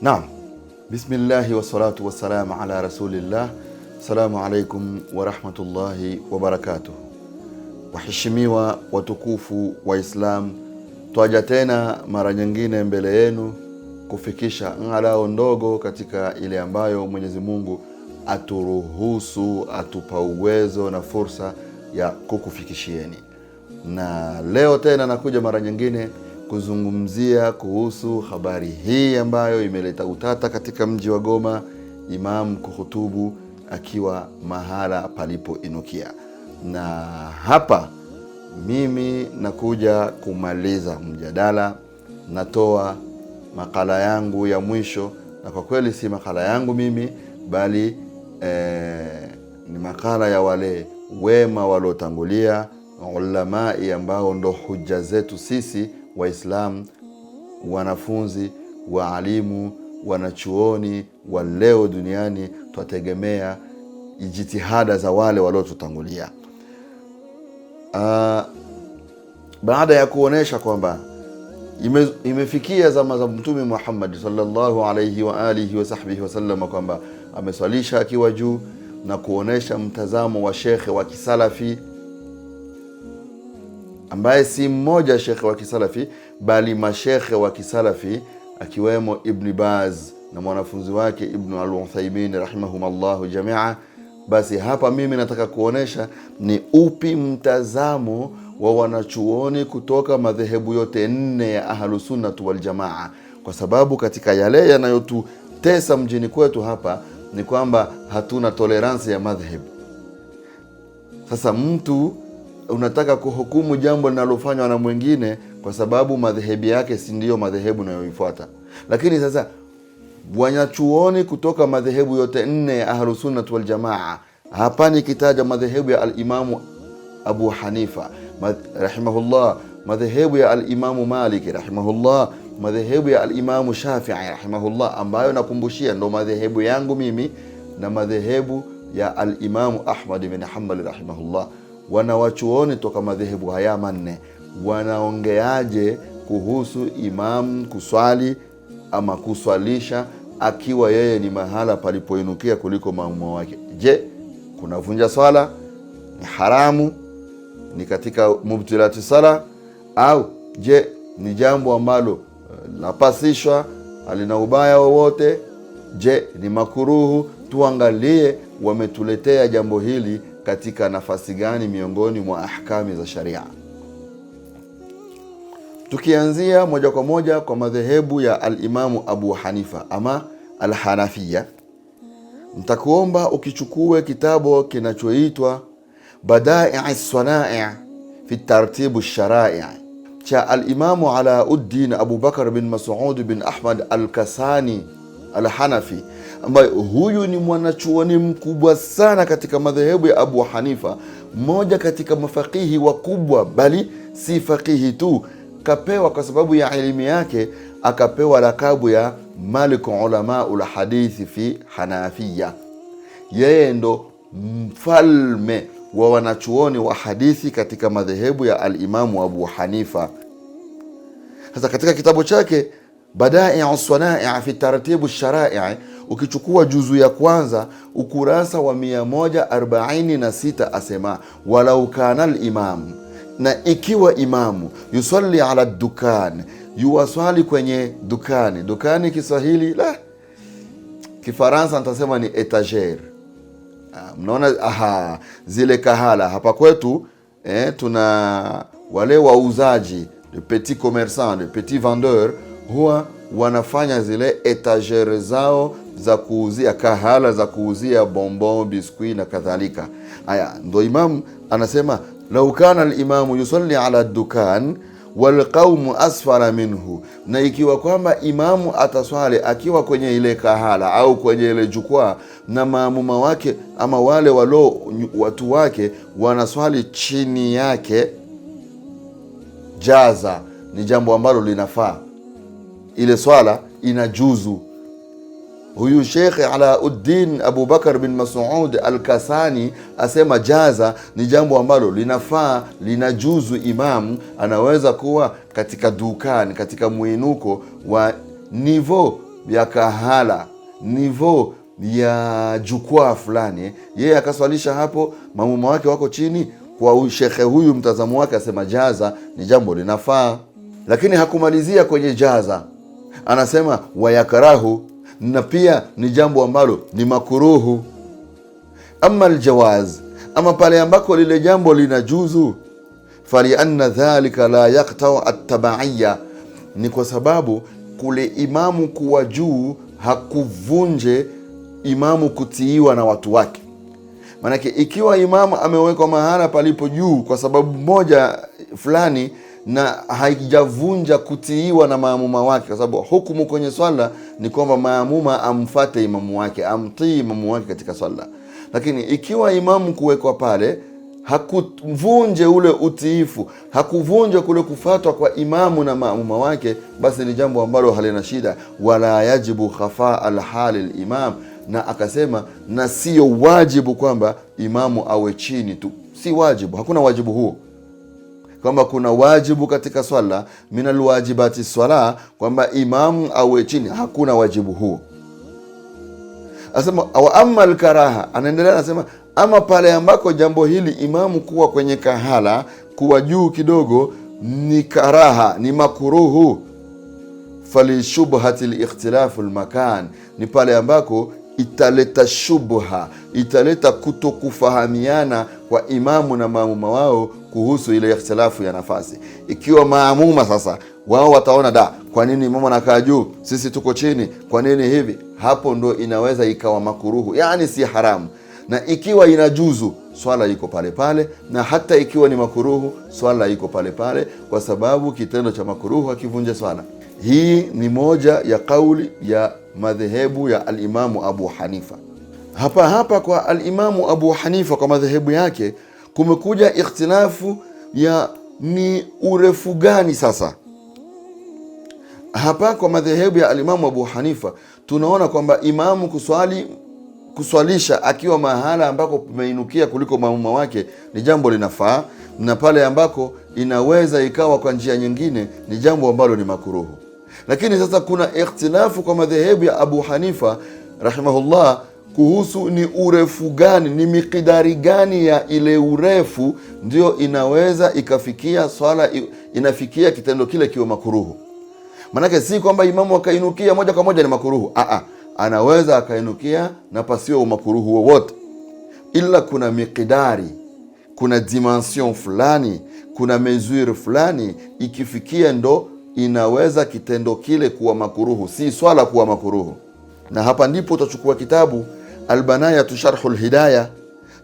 Naam, bismillahi wassalatu wassalamu ala rasulillah. Assalamu alaikum warahmatullahi wabarakatuh. Waheshimiwa watukufu waislam twaja tena mara nyingine mbele yenu kufikisha ngalao ndogo katika ile ambayo Mwenyezi Mungu aturuhusu, atupa uwezo na fursa ya kukufikishieni. Na leo tena nakuja mara nyingine kuzungumzia kuhusu habari hii ambayo imeleta utata katika mji wa Goma, Imamu kuhutubu akiwa mahala palipoinukia. Na hapa mimi nakuja kumaliza mjadala, natoa makala yangu ya mwisho, na kwa kweli si makala yangu mimi bali e, ni makala ya wale wema waliotangulia ulamai, ambao ndo huja zetu sisi Waislamu, wanafunzi, waalimu, wanachuoni wa leo duniani. Twategemea jitihada za wale waliotutangulia. Ah, baada ya kuonesha kwamba imefikia zama za Mtume Muhammad sallallahu alayhi wa alihi wa sahbihi wasallam kwamba ameswalisha akiwa juu na kuonesha mtazamo wa shekhe wa kisalafi ambaye si mmoja shekhe wa kisalafi bali mashekhe wa kisalafi akiwemo Ibni Baz na mwanafunzi wake Ibnu al-Uthaymeen rahimahumullahu jamia basi hapa mimi nataka kuonyesha ni upi mtazamo wa wanachuoni kutoka madhehebu yote nne ya Ahlusunnat Waljamaa, kwa sababu katika yale yanayotutesa mjini kwetu hapa ni kwamba hatuna toleransi ya madhehebu. Sasa mtu unataka kuhukumu jambo linalofanywa na mwingine kwa sababu madhehebu yake si ndiyo madhehebu unayoifuata, lakini sasa wanachuoni kutoka madhehebu yote nne ya Ahlusunnat Waljamaa. Hapa nikitaja madhehebu ya Alimamu Abu Hanifa rahimahullah, madhehebu ya Alimamu Maliki rahimahullah, madhehebu ya Alimamu Shafii rahimahullah, ambayo nakumbushia ndo madhehebu yangu mimi na madhehebu ya Alimamu Ahmad bin hambali rahimahullah. Wanawachuoni toka madhehebu haya manne wanaongeaje kuhusu imamu kuswali ama kuswalisha akiwa yeye ni mahala palipoinukia kuliko maumo wake. Je, kunavunja swala? Ni haramu? Ni katika mubtilati sala? Au je ni jambo ambalo eh, lapasishwa Halina ubaya wowote? Je, ni makuruhu? Tuangalie wametuletea jambo hili katika nafasi gani miongoni mwa ahkami za sharia, tukianzia moja kwa moja kwa madhehebu ya Alimamu Abu Hanifa. Ama Alhanafiya, mtakuomba ukichukue kitabu kinachoitwa Badai Sanai fi Tartibu Sharai cha Alimamu Alauddin Abubakar bin Masud bin Ahmad Alkasani Alhanafi, ambaye huyu ni mwanachuoni mkubwa sana katika madhehebu ya Abu Hanifa, mmoja katika mafakihi wakubwa, bali si fakihi tu kapewa kwa sababu ya elimu yake, akapewa lakabu ya maliku ulamau lhadithi fi Hanafiya. Yeye ndo mfalme wa wanachuoni wa hadithi katika madhehebu ya alimamu Abu Hanifa. Sasa katika kitabu chake Badaiu Sanai fi tartibu Sharaii, ukichukua juzu ya kwanza ukurasa wa 146 asema walau kana limamu na ikiwa imamu yusalli ala dukan yuwaswali kwenye dukani. Dukani Kiswahili la Kifaransa ntasema ni etager ah, Mnaona, aha, zile kahala hapa kwetu eh, tuna wale wauzaji le petit commerçant le petit vendeur huwa wanafanya zile etagere zao za kuuzia kahala za kuuzia bonbon, biskuit na kadhalika. Haya, ndo imamu anasema lau kana limamu yusalli ala dukan walqaumu asfara minhu, na ikiwa kwamba imamu ataswali akiwa kwenye ile kahala au kwenye ile jukwaa, na maamuma wake ama wale walo watu wake wanaswali chini yake, jaza, ni jambo ambalo linafaa, ile swala inajuzu Huyu Shekhe Alauddin Abubakar bin Masud Alkasani asema jaza ni jambo ambalo linafaa, linajuzu. Imamu anaweza kuwa katika dukani, katika mwinuko wa nivo ya kahala, nivo ya jukwaa fulani, yeye akaswalisha hapo, mamuma wake wako chini. Kwa shekhe huyu, mtazamo wake asema jaza ni jambo linafaa, lakini hakumalizia kwenye jaza, anasema wayakrahu na pia ni jambo ambalo ni makuruhu. Ama aljawaz, ama pale ambako lile jambo lina juzu falianna dhalika la yaktau atabaiya, ni kwa sababu kule imamu kuwa juu hakuvunje imamu kutiiwa na watu wake. Maanake ikiwa imamu amewekwa mahala palipo juu kwa sababu moja fulani na haijavunja kutiiwa na maamuma wake, kwa sababu hukumu kwenye swala ni kwamba maamuma amfate imamu wake, amtii imamu wake katika swala. Lakini ikiwa imamu kuwekwa pale hakuvunje ule utiifu, hakuvunja kule kufatwa kwa imamu na maamuma wake, basi ni jambo ambalo halina shida, wala yajibu khafaa alhali limam. Na akasema na siyo wajibu kwamba imamu awe chini tu, si wajibu, hakuna wajibu huo kwamba kuna wajibu katika swala, minalwajibati wajibati swala, kwamba imamu awe chini, hakuna wajibu huo. Asema wa ama lkaraha, anaendelea anasema, ama pale ambako jambo hili imamu kuwa kwenye kahala, kuwa juu kidogo, ni karaha, ni makuruhu falishubhati likhtilafu lmakan, ni pale ambako italeta shubha, italeta kutokufahamiana kwa imamu na maamuma wao kuhusu ile ikhtilafu ya nafasi. Ikiwa maamuma sasa wao wataona da, kwa nini imamu anakaa juu, sisi tuko chini, kwa nini hivi? Hapo ndo inaweza ikawa makuruhu, yani si haramu, na ikiwa inajuzu swala iko pale pale, na hata ikiwa ni makuruhu swala iko pale pale, kwa sababu kitendo cha makuruhu hakivunje swala. Hii ni moja ya kauli ya madhehebu ya alimamu Abu Hanifa. Hapa hapa kwa alimamu Abu Hanifa, kwa madhehebu yake kumekuja ikhtilafu ya ni urefu gani sasa. Hapa kwa madhehebu ya alimamu Abu Hanifa tunaona kwamba imamu kuswali kuswalisha akiwa mahala ambako pameinukia kuliko mauma wake ni jambo linafaa, na pale ambako inaweza ikawa kwa njia nyingine ni jambo ambalo ni makuruhu. Lakini sasa kuna ikhtilafu kwa madhehebu ya Abu Hanifa rahimahullah kuhusu ni urefu gani, ni mikidari gani ya ile urefu ndio inaweza ikafikia swala inafikia kitendo kile kiwe makuruhu. Maanake si kwamba imamu akainukia moja kwa moja ni makuruhu. Aa, anaweza akainukia na pasio umakuruhu wowote, ila kuna mikidari, kuna dimension fulani, kuna mesure fulani, ikifikia ndo inaweza kitendo kile kuwa makuruhu, si swala kuwa makuruhu. Na hapa ndipo utachukua kitabu Albanayatu Sharhu Lhidaya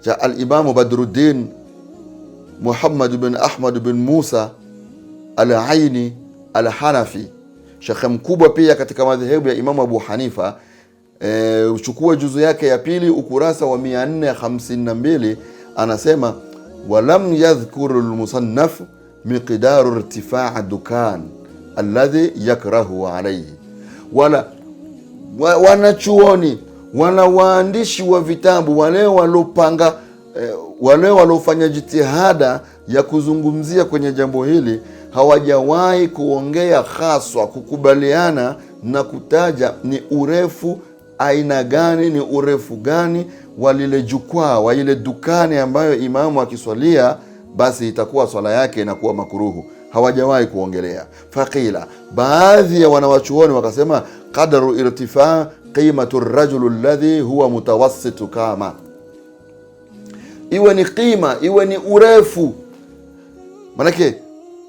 cha Alimamu Badruddin Muhammad bin Ahmad bin Musa Alaini Alhanafi, shekhe mkubwa pia katika madhehebu ya Imamu Abu Hanifa. E, uchukue juzu yake ya pili ukurasa wa 452 anasema walam yadhkuru lmusannaf miqdaru irtifaa dukan alladhi yakrahu alaihi. Wana wa, wanachuoni wana waandishi wa vitabu wale walopanga eh, wale walofanya jitihada ya kuzungumzia kwenye jambo hili hawajawahi kuongea haswa, kukubaliana na kutaja ni urefu aina gani, ni urefu gani wa lile jukwaa, wa ile dukani ambayo imamu akiswalia, basi itakuwa swala yake inakuwa makuruhu hawajawahi kuongelea. Faqila, baadhi ya wanawachuoni wakasema qadaru irtifa qimatu rajulu alladhi huwa mutawasitu kama, iwe ni qima, iwe ni urefu, manake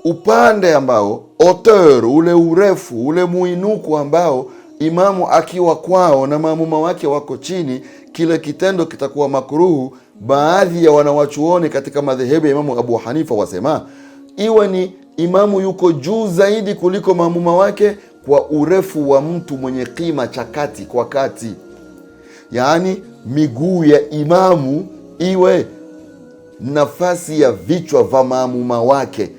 upande ambao oteur, ule urefu, ule muinuko ambao imamu akiwa kwao na maamuma wake wako chini, kile kitendo kitakuwa makruhu. Baadhi ya wanawachuoni katika madhehebu ya Imamu Abu Hanifa wasema iwe ni imamu yuko juu zaidi kuliko maamuma wake kwa urefu wa mtu mwenye kima cha kati kwa kati, yaani miguu ya imamu iwe nafasi ya vichwa vya maamuma wake.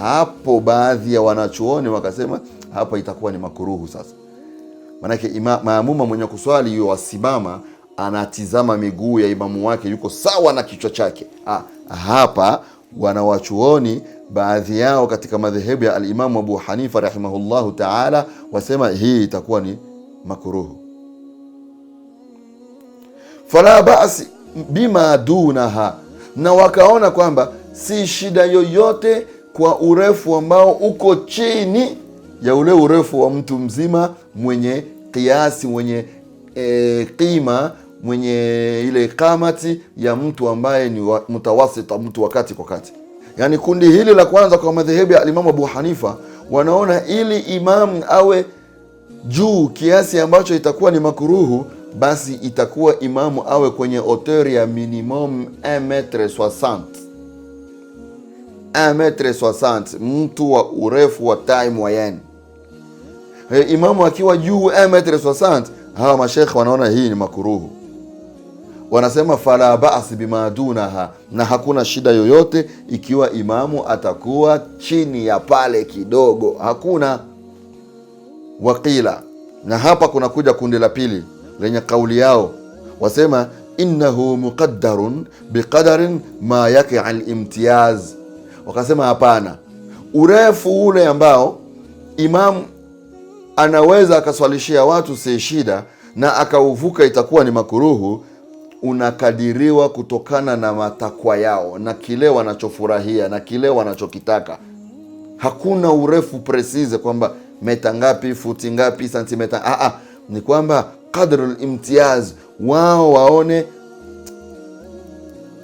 Hapo baadhi ya wanachuoni wakasema hapa itakuwa ni makuruhu sasa, maanake maamuma mwenye kuswali hiyo wasimama anatizama miguu ya imamu wake, yuko sawa na kichwa chake. Ha, ah, hapa wanawachuoni baadhi yao katika madhehebu ya alimamu Abu Hanifa rahimahullahu taala wasema hii itakuwa ni makuruhu. Fala basi bima dunaha, na wakaona kwamba si shida yoyote kwa urefu ambao uko chini ya ule urefu wa mtu mzima mwenye kiasi mwenye e, qima mwenye ile kamati ya mtu ambaye ni wa, mutawasita mtu wakati kwa kati. Yani kundi hili la kwanza kwa madhehebu ya alimamu Abu Hanifa wanaona ili imamu awe juu kiasi ambacho itakuwa ni makuruhu, basi itakuwa imamu awe kwenye hauteur ya minimum 1m60 1m60, mtu wa urefu wa time wa yani imamu akiwa juu 1m60, hawa mashekhe wanaona hii ni makuruhu wanasema fala basi bima dunaha, na hakuna shida yoyote ikiwa imamu atakuwa chini ya pale kidogo, hakuna wakila. Na hapa kuna kuja kundi la pili lenye kauli yao wasema innahu muqaddarun biqadarin ma yaqi limtiyaz. Wakasema hapana, urefu ule ambao imamu anaweza akaswalishia watu si shida na akauvuka itakuwa ni makuruhu unakadiriwa kutokana na matakwa yao na kile wanachofurahia na kile wanachokitaka. Hakuna urefu precise kwamba meta ngapi, futi ngapi, santimeta. ah, ah ni kwamba qadrul imtiaz, wao waone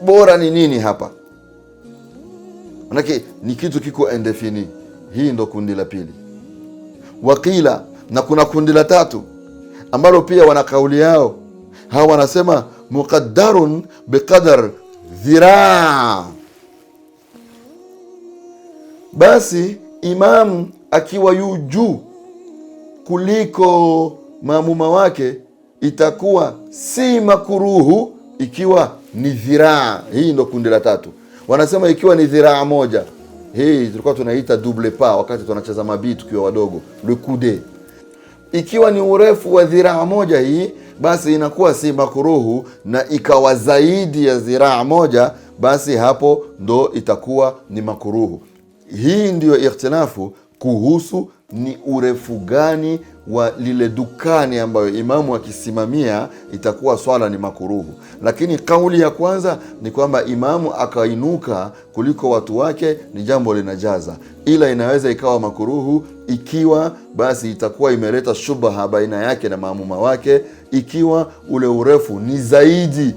bora ni nini hapa, manake ni kitu kiko endefini. Hii ndo kundi la pili wakila, na kuna kundi la tatu ambalo pia wana kauli yao hawa wanasema muqaddarun biqadar dhiraa. Basi imamu akiwa yu juu kuliko maamuma wake itakuwa si makuruhu ikiwa ni dhiraa. Hii ndo kundi la tatu, wanasema ikiwa ni dhiraa moja. Hii tulikuwa tunaita double pa wakati tunacheza mabii tukiwa wadogo, lekude. Ikiwa ni urefu wa dhiraa moja hii basi inakuwa si makuruhu, na ikawa zaidi ya ziraa moja, basi hapo ndo itakuwa ni makuruhu. Hii ndiyo ikhtilafu kuhusu ni urefu gani wa lile dukani ambayo imamu akisimamia itakuwa swala ni makuruhu. Lakini kauli ya kwanza ni kwamba imamu akainuka kuliko watu wake ni jambo linajaza, ila inaweza ikawa makuruhu ikiwa basi itakuwa imeleta shubha baina yake na maamuma wake, ikiwa ule urefu ni zaidi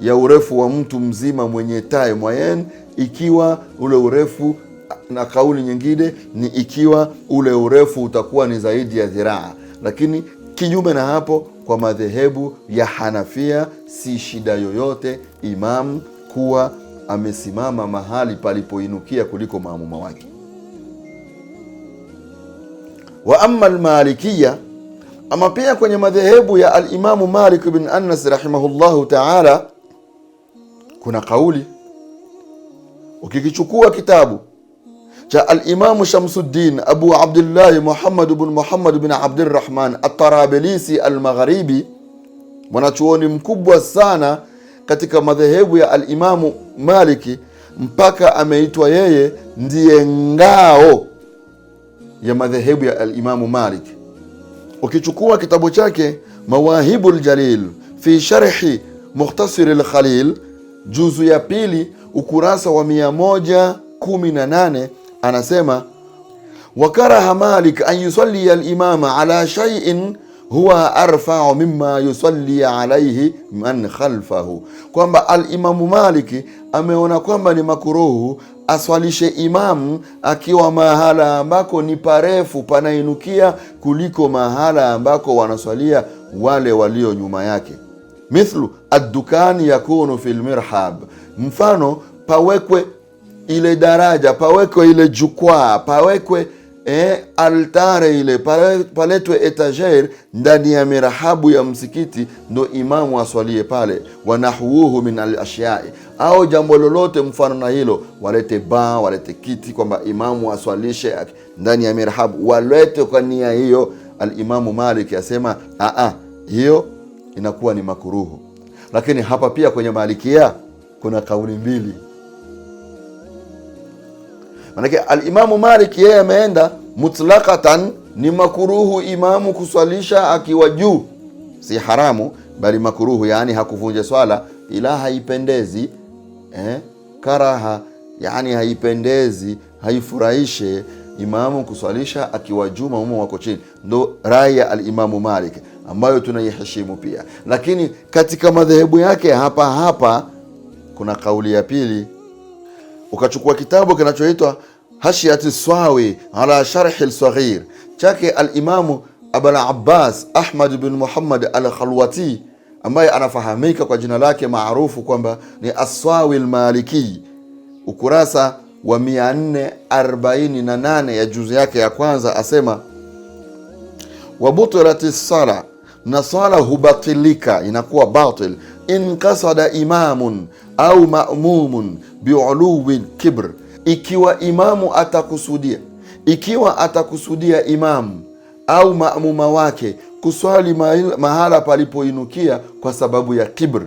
ya urefu wa mtu mzima mwenye tai mwayen, ikiwa ule urefu na kauli nyingine ni ikiwa ule urefu utakuwa ni zaidi ya dhiraa, lakini kinyume na hapo, kwa madhehebu ya Hanafia si shida yoyote imamu kuwa amesimama mahali palipoinukia kuliko maamuma wake. Wa amma almalikia, ama pia kwenye madhehebu ya alimamu Malik bin Anas rahimahullahu taala kuna kauli ukikichukua kitabu cha alimamu Shamsuddin Abu Abdillahi Muhammad bin Muhammad bin Abdirrahman Atarabelisi Almagharibi, mwanachuoni mkubwa sana katika madhehebu ya alimamu Maliki, mpaka ameitwa yeye ndiye ngao ya madhehebu ya alimamu Malik. Ukichukua kitabu chake Mawahibu Ljalil fi sharhi Mukhtasiri Lkhalil, juzu ya pili, ukurasa wa 118 anasema wakaraha Malik an yusalia limama ala shaiin huwa arfau mima yusalli alaihi man khalfahu, kwamba alimamu Maliki ameona kwamba ni makuruhu aswalishe imamu akiwa mahala ambako ni parefu panainukia kuliko mahala ambako wanaswalia wale walio nyuma yake. Mithlu addukani yakunu fi lmirhab, mfano pawekwe ile daraja, pawekwe ile jukwaa, pawekwe eh, altare ile, paletwe etager ndani ya mirahabu ya msikiti, ndo imamu aswalie pale. Wanahuuhu min alashyai, au jambo lolote mfano na hilo, walete baa, walete kiti, kwamba imamu aswalishe ndani ya mirahabu, walete kwa nia hiyo. Alimamu Malik asema aa, hiyo inakuwa ni makuruhu. Lakini hapa pia kwenye Malikia kuna kauli mbili. Maanake alimamu Malik yeye ameenda mutlaqatan, ni makuruhu imamu kuswalisha akiwa juu, si haramu bali makuruhu, yaani hakuvunja swala ila haipendezi eh? Karaha yaani haipendezi, haifurahishe imamu kuswalisha akiwa juu, maumo wako chini. Ndo rai ya alimamu Malik ambayo tunaiheshimu pia, lakini katika madhehebu yake hapa hapa kuna kauli ya pili ukachukua kitabu kinachoitwa Hashiyat Swawi ala Sharhi Lsaghir chake Alimamu Abul Abbas Ahmad bin Muhammad Alkhalwati ambaye anafahamika kwa jina lake maarufu kwamba ni Aswawi Lmaliki, ukurasa wa 448 ya juzu yake ya kwanza asema wabutilati sala, na sala hubatilika, inakuwa batil inkasada imamun au mamumun biuluwin kibr, ikiwa imamu atakusudia, ikiwa atakusudia imamu au maamuma wake kuswali mahala palipoinukia kwa sababu ya kibr,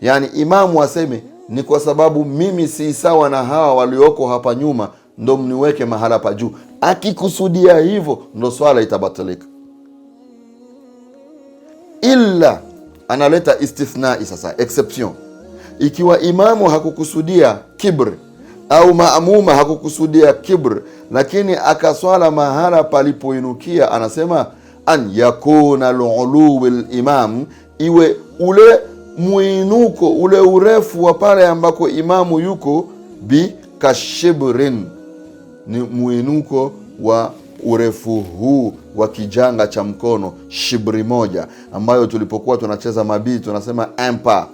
yani imamu aseme ni kwa sababu mimi si sawa na hawa walioko hapa nyuma, ndo mniweke mahala pa juu. Akikusudia hivyo, ndo swala itabatilika ila analeta istithnai sasa, exception. Ikiwa imamu hakukusudia kibr au maamuma hakukusudia kibr, lakini akaswala mahala palipoinukia, anasema an yakuna luluwi limam, iwe ule mwinuko ule urefu wa pale ambako imamu yuko, bi kashibrin, ni mwinuko wa urefu huu wa kijanga cha mkono, shibri moja, ambayo tulipokuwa tunacheza mabii tunasema ampa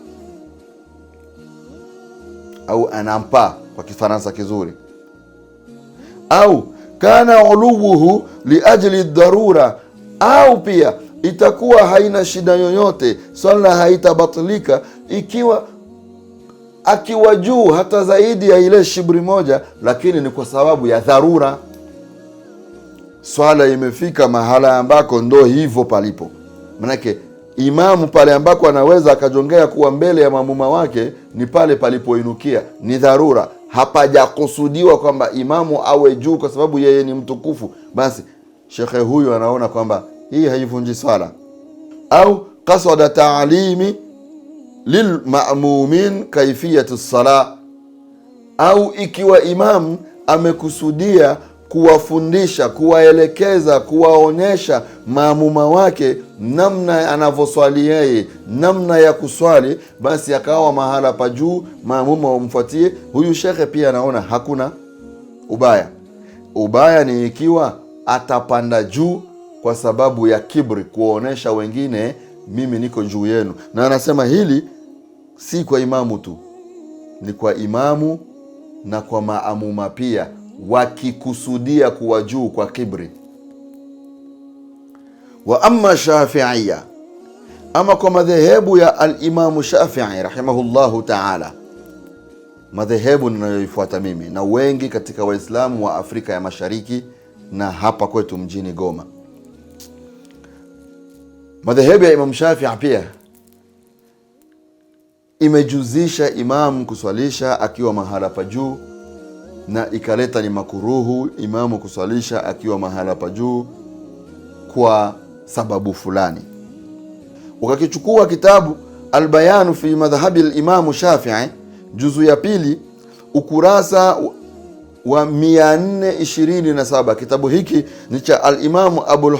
au anampa kwa Kifaransa kizuri, au kana uluwuhu liajli dharura, au pia itakuwa haina shida yoyote, swala haitabatilika ikiwa akiwa juu hata zaidi ya ile shibri moja, lakini ni kwa sababu ya dharura swala imefika mahala ambako ndo hivyo palipo. Manake imamu pale ambako anaweza akajongea kuwa mbele ya mamuma wake ni pale palipoinukia, ni dharura, hapajakusudiwa kwamba imamu awe juu kwa sababu yeye ni mtukufu. Basi shekhe huyu anaona kwamba hii haivunji swala au kasada taalimi lilmamumin kaifiyatu lsala au ikiwa imamu amekusudia kuwafundisha, kuwaelekeza, kuwaonyesha maamuma wake namna anavyoswali yeye, namna ya kuswali, basi akawa mahala pa juu, maamuma wamfuatie huyu shekhe. Pia anaona hakuna ubaya. Ubaya ni ikiwa atapanda juu kwa sababu ya kibri, kuwaonyesha wengine mimi niko juu yenu. Na anasema hili si kwa imamu tu, ni kwa imamu na kwa maamuma pia wakikusudia kuwa juu kwa kibri. Wa amma shafiia, ama kwa madhehebu ya Alimamu Shafii rahimahullahu taala, madhehebu ninayoifuata mimi na wengi katika Waislamu wa Afrika ya Mashariki na hapa kwetu mjini Goma, madhehebu ya Imamu Shafii pia imejuzisha imamu kuswalisha akiwa mahala pa juu na ikaleta ni makuruhu imamu kuswalisha akiwa mahala pa juu kwa sababu fulani. Ukakichukua kitabu Albayanu fi madhhabi limamu Shafii juzu ya pili ukurasa wa 427. Kitabu hiki ni cha alimamu Abul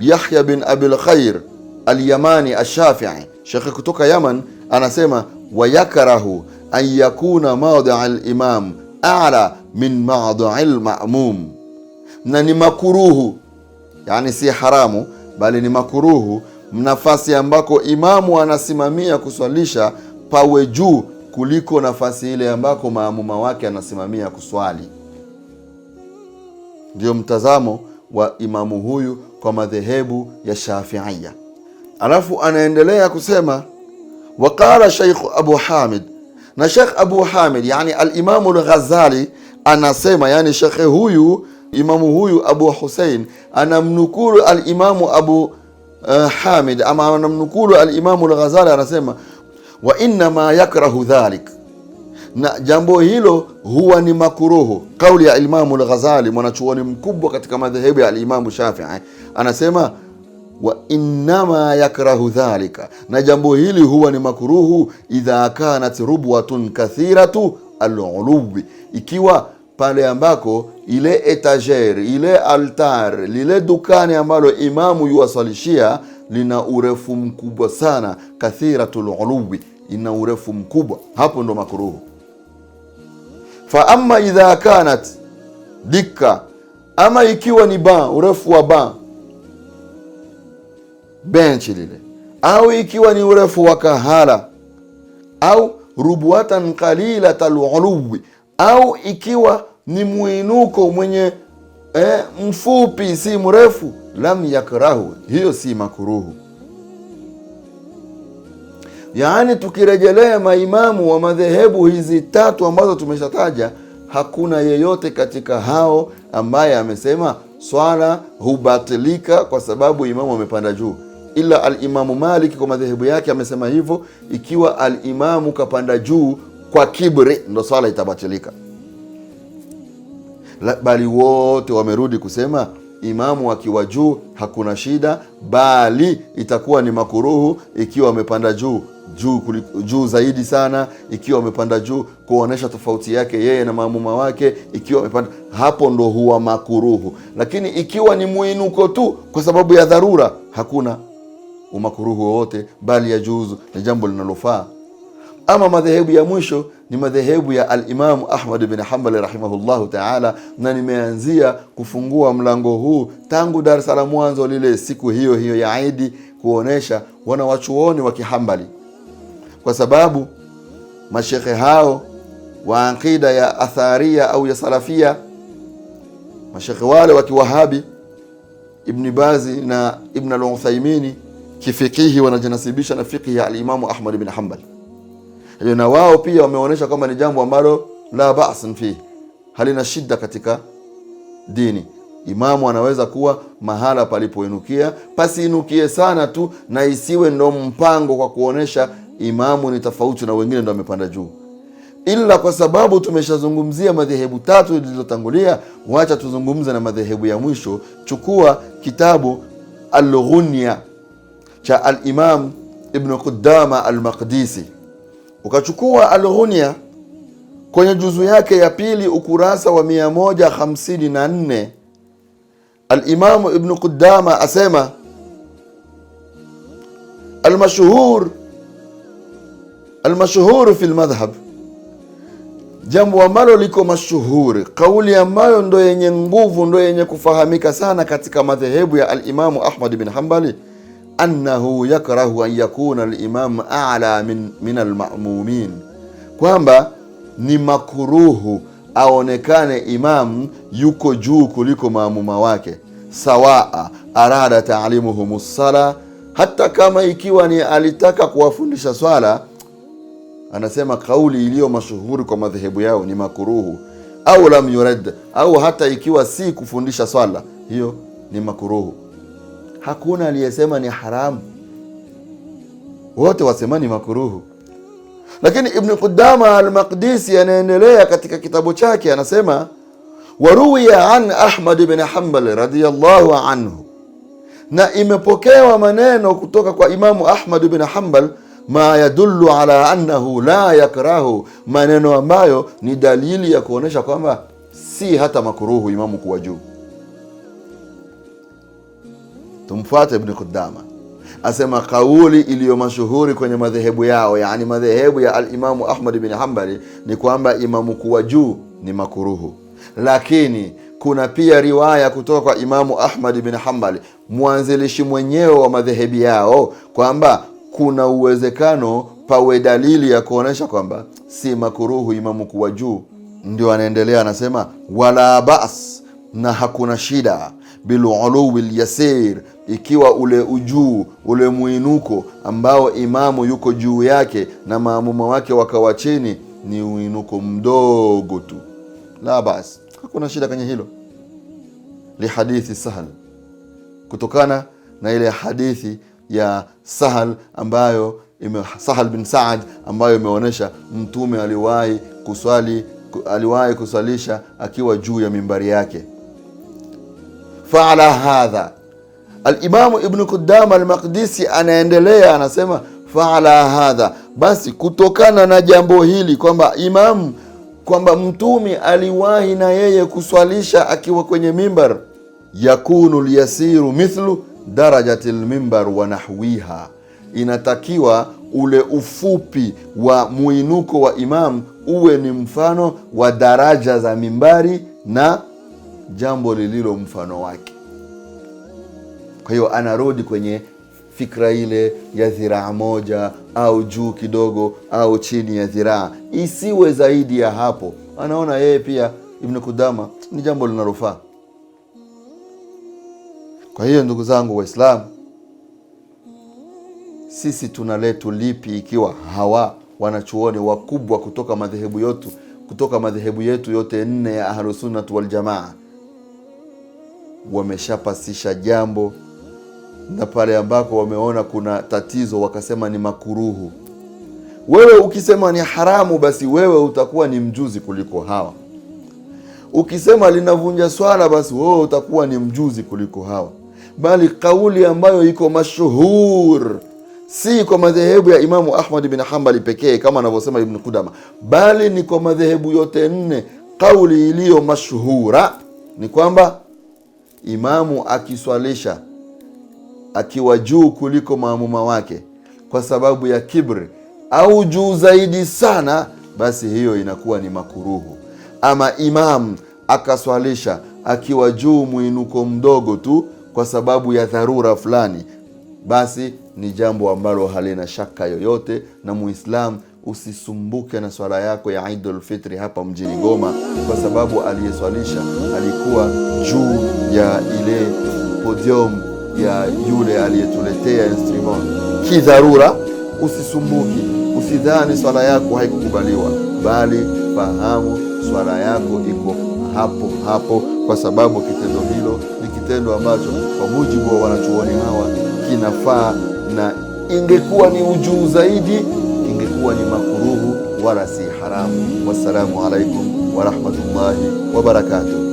Yahya bin Abil Khair Alyamani Ashafii, shekhe kutoka Yaman, anasema wayakrahu an yakuna maudhi al imam ala min madil lmamum, na ni makuruhu, yani si haramu, bali ni makuruhu nafasi ambako imamu anasimamia kuswalisha pawe juu kuliko nafasi ile ambako maamuma wake anasimamia kuswali. ndio mtazamo wa imamu huyu kwa madhehebu ya Shafiia. Alafu anaendelea kusema, waqala Sheikhu Abu Hamid na Sheikh Abu Hamid yani al-Imamu al-Ghazali anasema, yani shekhe huyu imamu huyu Abu Hussein anamnukuru al-Imamu Abu uh, Hamid ama anamnukuru al-Imamu al-Ghazali anasema, wa inna ma yakrahu dhalik, na jambo hilo huwa ni makuruhu. Kauli ya Imamu al mwanachuoni mkubwa katika madhehebu ya al Shafi'i, anasema wa innama yakrahu dhalika, na jambo hili huwa ni makruhu idha kanat rubwatun kathiratu aluluwi, ikiwa pale ambako ile etager ile altar lile dukani ambalo imamu yuwasalishia lina urefu mkubwa sana, kathiratu luluwi, ina urefu mkubwa, hapo ndo makruhu Fa ama idha kanat dikka, ama ikiwa ni ba urefu wa ba benchi lile, au ikiwa ni urefu wa kahala, au rubuatan qalila luluwi, au ikiwa ni mwinuko mwenye eh, mfupi si mrefu, lam yakrahu, hiyo si makuruhu. Yaani, tukirejelea maimamu wa madhehebu hizi tatu ambazo tumeshataja, hakuna yeyote katika hao ambaye amesema swala hubatilika kwa sababu imamu amepanda juu ila alimamu Malik kwa madhehebu yake amesema hivyo, ikiwa alimamu kapanda juu kwa kibri, ndo swala itabatilika. La, bali wote wamerudi kusema imamu akiwa juu hakuna shida, bali itakuwa ni makuruhu ikiwa amepanda juu juu juu zaidi sana, ikiwa amepanda juu kuonyesha tofauti yake yeye na maamuma wake, ikiwa amepanda hapo, ndo huwa makuruhu. Lakini ikiwa ni mwinuko tu kwa sababu ya dharura, hakuna umakuruhu wowote, bali juzu ni jambo linalofaa. Ama madhehebu ya mwisho ni madhehebu ya Alimamu Ahmad bin Hambali rahimahullahu taala, na nimeanzia kufungua mlango huu tangu darsa la mwanzo lile siku hiyo hiyo ya Idi, kuonesha wanawachuoni wa Kihambali, kwa sababu mashekhe hao wa aqida ya atharia au ya salafia, mashekhe wale wa Kiwahabi, Ibni Bazi na Ibn al-Uthaymini kifikihi wanajinasibisha na fikihi ya alimamu Ahmad bin Hanbal, na wao pia wameonyesha kwamba ni jambo ambalo la ba's fi halina shida katika dini. Imamu anaweza kuwa mahala palipoinukia, pasiinukie sana tu na isiwe ndo mpango kwa kuonyesha imamu ni tofauti na wengine ndo amepanda juu, ila kwa sababu tumeshazungumzia madhehebu tatu zilizotangulia, wacha tuzungumze na madhehebu ya mwisho. Chukua kitabu Al-Ghunya cha Alimam Ibnu Qudama Almaqdisi, ukachukua Alghunya kwenye juzu yake ya pili ukurasa wa 154 Alimamu Ibnu Qudama asema almashhur almashhuru fi lmadhhab, jambo ambalo liko mashuhuri, kauli ambayo ndo yenye nguvu, ndo yenye kufahamika sana katika madhehebu ya Alimamu Ahmad bin Hanbali annahu yakrahu an yakuna alimamu ala min, min almamumin, kwamba ni makuruhu aonekane imam yuko juu kuliko maamuma wake, sawaa arada taalimuhum sala, hata kama ikiwa ni alitaka kuwafundisha swala. Anasema kauli iliyo mashuhuri kwa madhehebu yao ni makuruhu, au lam yurad, au hata ikiwa si kufundisha swala, hiyo ni makuruhu hakuna aliyesema ni haramu, wote wasema ni makuruhu. Lakini Ibnu Qudama Almaqdisi anaendelea katika kitabu chake anasema, waruwiya an Ahmad ibn Hanbal radiyallahu anhu, na imepokewa maneno kutoka kwa Imamu Ahmad ibn Hanbal ma yadullu ala annahu la yakrahu, maneno ambayo ni dalili ya kuonyesha kwamba si hata makuruhu imamu kuwa juu tumfuate Ibn Qudama. Asema kauli iliyo mashuhuri kwenye madhehebu yao, yaani madhehebu ya alimamu Ahmad bin hambali ni kwamba imamu kuwa juu ni makuruhu, lakini kuna pia riwaya kutoka kwa Imamu Ahmad bin hambali mwanzilishi mwenyewe wa madhehebu yao, kwamba kuna uwezekano pawe dalili ya kuonyesha kwamba si makuruhu imamu kuwa juu. Ndio anaendelea anasema, wala bas, na hakuna shida biluluwi lyasir, ikiwa ule ujuu ule mwinuko ambao imamu yuko juu yake na maamuma wake wakawa chini ni uinuko mdogo tu, la basi, hakuna shida kwenye hilo. Lihadithi Sahal, kutokana na ile hadithi ya Sahal ambayo ime, Sahal bin Saad ambayo imeonyesha Mtume aliwahi kuswali aliwahi kuswalisha akiwa juu ya mimbari yake faala hadha. Alimamu Ibnu Qudama Almaqdisi anaendelea anasema, faala hadha, basi kutokana na jambo hili kwamba imamu kwamba mtume aliwahi na yeye kuswalisha akiwa kwenye mimbar, yakunu lyasiru mithlu darajati lmimbar wa nahwiha, inatakiwa ule ufupi wa muinuko wa imamu uwe ni mfano wa daraja za mimbari na jambo lililo mfano wake. Kwa hiyo anarudi kwenye fikra ile ya dhiraa moja au juu kidogo au chini ya dhiraa, isiwe zaidi ya hapo. Anaona yeye pia Ibn Kudama ni jambo linalofaa. Kwa hiyo ndugu zangu Waislamu, sisi tuna letu lipi ikiwa hawa wanachuoni wakubwa kutoka madhehebu yetu kutoka madhehebu yetu yote nne ya Ahlusunnat Waljamaa wameshapasisha jambo, na pale ambako wameona kuna tatizo wakasema ni makuruhu. Wewe ukisema ni haramu, basi wewe utakuwa ni mjuzi kuliko hawa. Ukisema linavunja swala, basi wewe utakuwa ni mjuzi kuliko hawa, bali kauli ambayo iko mashuhur si kwa madhehebu ya Imamu Ahmad bin hambali pekee kama anavyosema Ibn Qudama, bali ni kwa madhehebu yote nne. Kauli iliyo mashuhura ni kwamba imamu akiswalisha akiwa juu kuliko maamuma wake kwa sababu ya kibri au juu zaidi sana, basi hiyo inakuwa ni makuruhu. Ama imamu akaswalisha akiwa juu mwinuko mdogo tu kwa sababu ya dharura fulani, basi ni jambo ambalo halina shaka yoyote. Na Muislamu usisumbuke na swala yako ya Idul Fitri hapa mjini Goma, kwa sababu aliyeswalisha alikuwa juu ya ile podium ya yule aliyetuletea instrument kidharura. Usisumbuki, usidhani swala yako haikukubaliwa, bali fahamu swala yako iko hapo hapo, kwa sababu kitendo hilo ni kitendo ambacho kwa mujibu wa wanachuoni hawa kinafaa, na ingekuwa ni ujuu zaidi ingekuwa ni makuruhu wala si haramu. Wassalamu alaikum warahmatullahi wabarakatuh.